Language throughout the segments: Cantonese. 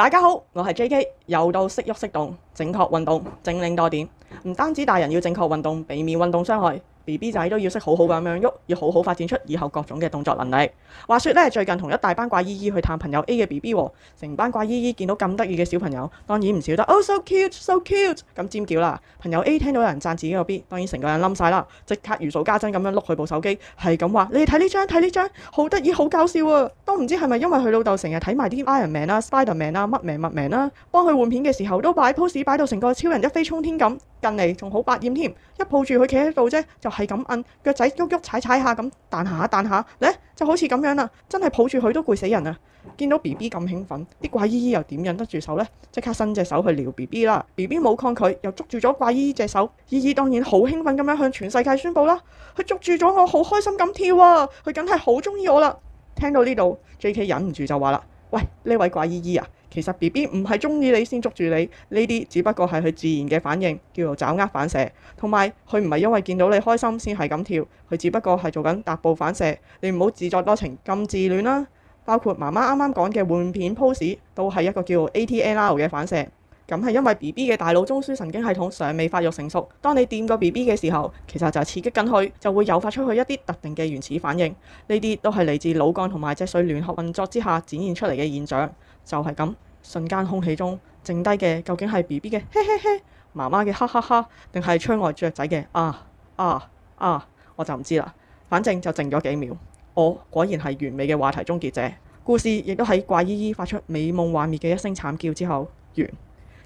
大家好，我係 JK，又到識郁適動，正確運動，整理多點，唔單止大人要正確運動，避免運動傷害。B B 仔都要識好好咁樣喐，要好好發展出以後各種嘅動作能力。話說咧，最近同一大班怪姨姨去探朋友 A 嘅 B B 喎，成班怪姨姨見到咁得意嘅小朋友，當然唔少得。Oh so cute, so cute！咁尖叫啦。朋友 A 聽到有人讚自己個 B，當然成個人冧晒啦，即刻如數家珍咁樣碌佢部手機，係咁話：你睇呢張，睇呢張，好得意，好搞笑啊！都唔知係咪因為佢老豆成日睇埋啲 Iron Man 啦、啊、Spider Man 啦、啊、乜名乜名啦、啊，幫佢換片嘅時候都擺 pose 擺到成個超人一飛沖天咁。近嚟仲好百厭添，一抱住佢企喺度啫係咁摁腳仔喐喐，踩踩下咁彈下彈下呢，就好似咁樣啦，真係抱住佢都攰死人啊！見到 BB 咁興奮，啲怪姨姨又點忍得住手呢？即刻伸隻手去撩 BB 啦！BB 冇抗拒，又捉住咗怪姨姨隻手，姨姨當然好興奮咁樣向全世界宣布啦！佢捉住咗我，好開心咁跳啊！佢梗係好中意我啦！聽到呢度 JK 忍唔住就話啦：喂呢位怪姨姨啊！其實 BB 唔係中意你先捉住你，呢啲只不過係佢自然嘅反應，叫做抓握反射。同埋佢唔係因為見到你開心先係咁跳，佢只不過係做緊踏步反射。你唔好自作多情咁自戀啦，啊。包括媽媽啱啱講嘅換片 pose，都係一個叫做 ATNR 嘅反射。咁係因為 B B 嘅大腦中樞神經系統尚未發育成熟。當你掂過 B B 嘅時候，其實就係刺激緊佢，就會誘發出去一啲特定嘅原始反應。呢啲都係嚟自腦幹同埋脊髓聯合運作之下展現出嚟嘅現象。就係、是、咁，瞬間空氣中剩低嘅究竟係 B B 嘅嘿嘿嘿，媽媽嘅哈哈哈，定係窗外雀仔嘅啊啊啊？我就唔知啦。反正就靜咗幾秒。我果然係完美嘅話題終結者。故事亦都喺怪姨姨發出美夢幻滅嘅一聲慘叫之後完。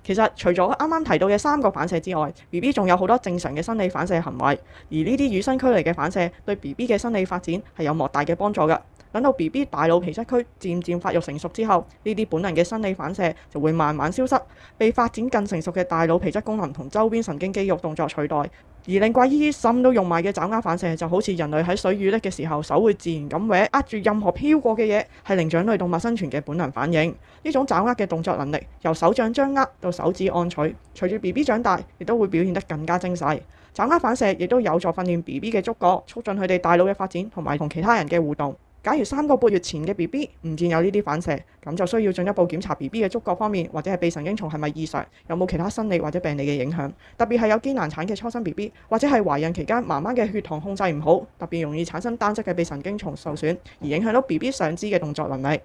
其實除咗啱啱提到嘅三個反射之外，BB 仲有好多正常嘅生理反射行為，而呢啲與生俱嚟嘅反射對 BB 嘅生理發展係有莫大嘅幫助嘅。等到 B B 大腦皮質區漸漸發育成熟之後，呢啲本能嘅生理反射就會慢慢消失，被發展更成熟嘅大腦皮質功能同周邊神經肌肉動作取代。而令怪姨姨心都用埋嘅抓握反射就好似人類喺水魚溺嘅時候，手會自然咁握握住任何飄過嘅嘢，係靈長類動物生存嘅本能反應。呢種抓握嘅動作能力，由手掌掌握到手指按取，隨住 B B 長大，亦都會表現得更加精細。抓握反射亦都有助訓練 B B 嘅觸覺，促進佢哋大腦嘅發展，同埋同其他人嘅互動。假如三個半月前嘅 B B 唔見有呢啲反射，咁就需要進一步檢查 B B 嘅觸覺方面，或者係臂神經叢係咪異常，有冇其他生理或者病理嘅影響。特別係有艱難產嘅初生 B B，或者係懷孕期間媽媽嘅血糖控制唔好，特別容易產生單側嘅臂神經叢受損，而影響到 B B 上肢嘅動作能力。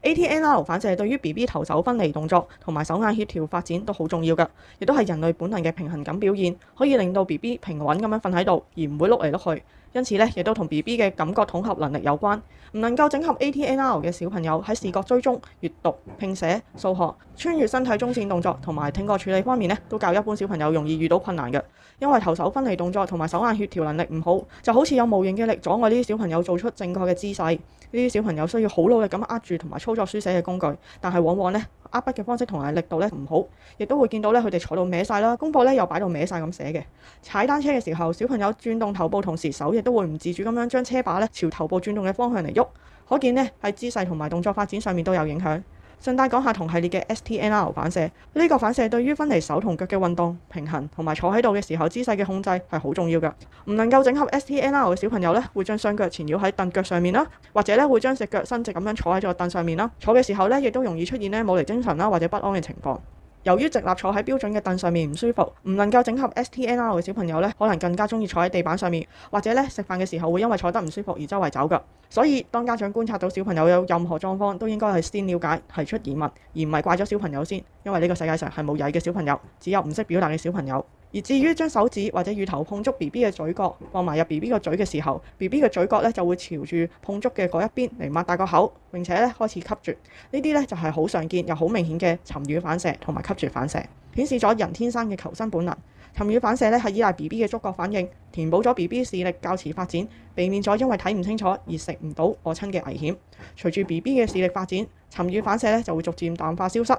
A T N R 反射對於 B B 頭手分離動作同埋手眼協調發展都好重要㗎，亦都係人類本能嘅平衡感表現，可以令到 B B 平穩咁樣瞓喺度，而唔會碌嚟碌去。因此呢，亦都同 B B 嘅感覺統合能力有關。唔能夠整合 A T N R 嘅小朋友喺視覺追蹤、閱讀、拼寫、數學、穿越身體中線動作同埋聽覺處理方面呢，都較一般小朋友容易遇到困難嘅。因為頭手分離動作同埋手眼協調能力唔好，就好似有無形嘅力阻礙呢啲小朋友做出正確嘅姿勢。呢啲小朋友需要好努力咁握住同埋操作書寫嘅工具，但係往往呢，握筆嘅方式同力度咧唔好，亦都會見到咧佢哋坐到歪曬啦，功課又擺到歪曬咁寫嘅。踩單車嘅時候，小朋友轉動頭部同時手亦都會唔自主咁樣將車把朝頭部轉動嘅方向嚟喐，可見咧喺姿勢同埋動作發展上面都有影響。順帶講下同系列嘅 STNR 反射，呢個反射對於分離手同腳嘅運動、平衡同埋坐喺度嘅時候姿勢嘅控制係好重要㗎。唔能夠整合 STNR 嘅小朋友呢，會將雙腳纏繞喺凳腳上面啦，或者咧會將隻腳伸直咁樣坐喺座凳上面啦。坐嘅時候咧，亦都容易出現呢冇力精神啦或者不安嘅情況。由於直立坐喺標準嘅凳上面唔舒服，唔能夠整合 STNR 嘅小朋友咧，可能更加鍾意坐喺地板上面，或者咧食飯嘅時候會因為坐得唔舒服而周圍走㗎。所以當家長觀察到小朋友有任何狀況，都應該係先了解，提出疑問，而唔係怪咗小朋友先，因為呢個世界上係冇曳嘅小朋友，只有唔識表達嘅小朋友。而至於將手指或者乳頭碰觸 B B 嘅嘴角，放埋入 B B 個嘴嘅時候，B B 嘅嘴角咧就會朝住碰觸嘅嗰一邊嚟擘大個口，並且咧開始吸吮。呢啲呢就係、是、好常見又好明顯嘅尋乳反射同埋吸吮反射，顯示咗人天生嘅求生本能。尋乳反射咧係依賴 B B 嘅觸覺反應，填補咗 B B 視力較遲發展，避免咗因為睇唔清楚而食唔到餓親嘅危險。隨住 B B 嘅視力發展，尋乳反射咧就會逐漸淡化消失。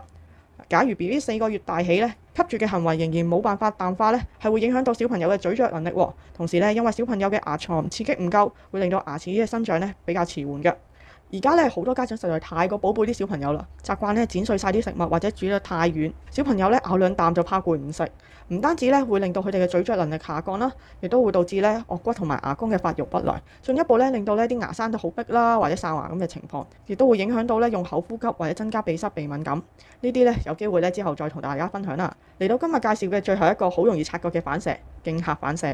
假如 B B 四個月大起咧，吸吮嘅行為仍然冇辦法淡化，呢係會影響到小朋友嘅咀嚼能力。同時呢，因為小朋友嘅牙床刺激唔夠，會令到牙齒嘅生長呢比較遲緩嘅。而家咧好多家長實在太過寶貝啲小朋友啦，習慣咧剪碎晒啲食物或者煮得太軟，小朋友咧咬兩啖就怕攰唔食。唔單止咧會令到佢哋嘅咀嚼能力下降啦，亦都會導致咧顎骨同埋牙弓嘅發育不良，進一步咧令到呢啲牙生得好逼啦，或者散牙咁嘅情況，亦都會影響到咧用口呼吸或者增加鼻塞鼻敏感。呢啲咧有機會咧之後再同大家分享啦。嚟到今日介紹嘅最後一個好容易察覺嘅反射，驚嚇反射。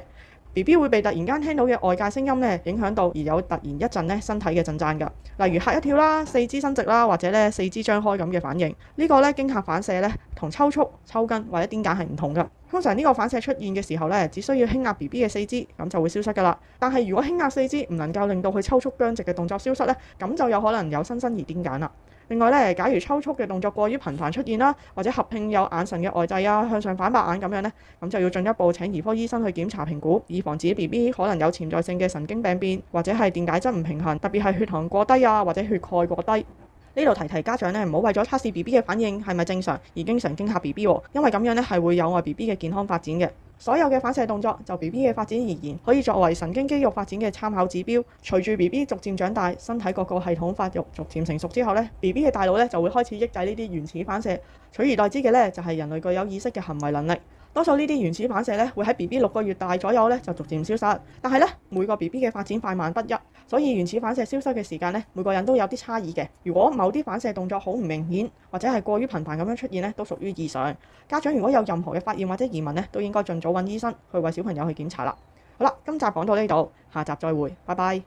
B B 會被突然間聽到嘅外界聲音呢影響到，而有突然一陣呢身體嘅震顫㗎。例如嚇一跳啦，四肢伸直啦，或者呢四肢張開咁嘅反應。呢、呢個呢驚嚇反射呢，同抽搐、抽筋或者癲癇係唔同㗎。通常呢個反射出現嘅時候呢，只需要輕壓 B B 嘅四肢，咁就會消失㗎啦。但係如果輕壓四肢唔能夠令到佢抽搐僵直嘅動作消失呢，咁就有可能有新生兒癲癇啦。另外咧，假如抽搐嘅動作過於頻繁出現啦，或者合併有眼神嘅外滯啊、向上反白眼咁樣呢，咁就要進一步請兒科醫生去檢查評估，以防止 B B 可能有潛在性嘅神經病變，或者係電解質唔平衡，特別係血糖過低啊或者血鈣過低。呢度提提家長呢，唔好為咗測試 B B 嘅反應係咪正常而經常驚嚇 B B，因為咁樣呢係會有礙 B B 嘅健康發展嘅。所有嘅反射動作，就 BB 嘅發展而言，可以作為神經肌肉發展嘅參考指標。隨住 BB 逐漸長大，身體各個系統發育逐漸成熟之後呢，BB 嘅大腦呢就會開始抑制呢啲原始反射，取而代之嘅呢，就係人類具有意識嘅行為能力。多數呢啲原始反射咧，會喺 BB 六個月大左右咧就逐漸消失。但係咧，每個 BB 嘅發展快慢不一，所以原始反射消失嘅時間咧，每個人都有啲差異嘅。如果某啲反射動作好唔明顯，或者係過於頻繁咁樣出現咧，都屬於異常。家長如果有任何嘅發現或者疑問咧，都應該盡早揾醫生去為小朋友去檢查啦。好啦，今集講到呢度，下集再會，拜拜。